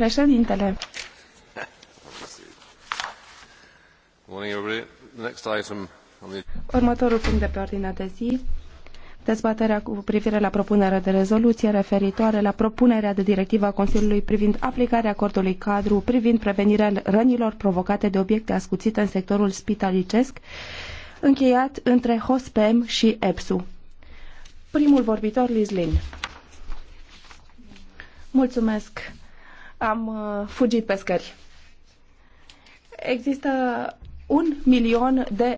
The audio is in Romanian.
Președintele. Următorul punct de pe ordinea de zi, dezbaterea cu privire la propunerea de rezoluție referitoare la propunerea de directivă a Consiliului privind aplicarea acordului cadru privind prevenirea rănilor provocate de obiecte ascuțite în sectorul spitalicesc, încheiat între HOSPEM și EPSU. Primul vorbitor, Liz Lin. Mulțumesc. Am uh, fugit pe scări. Există un milion de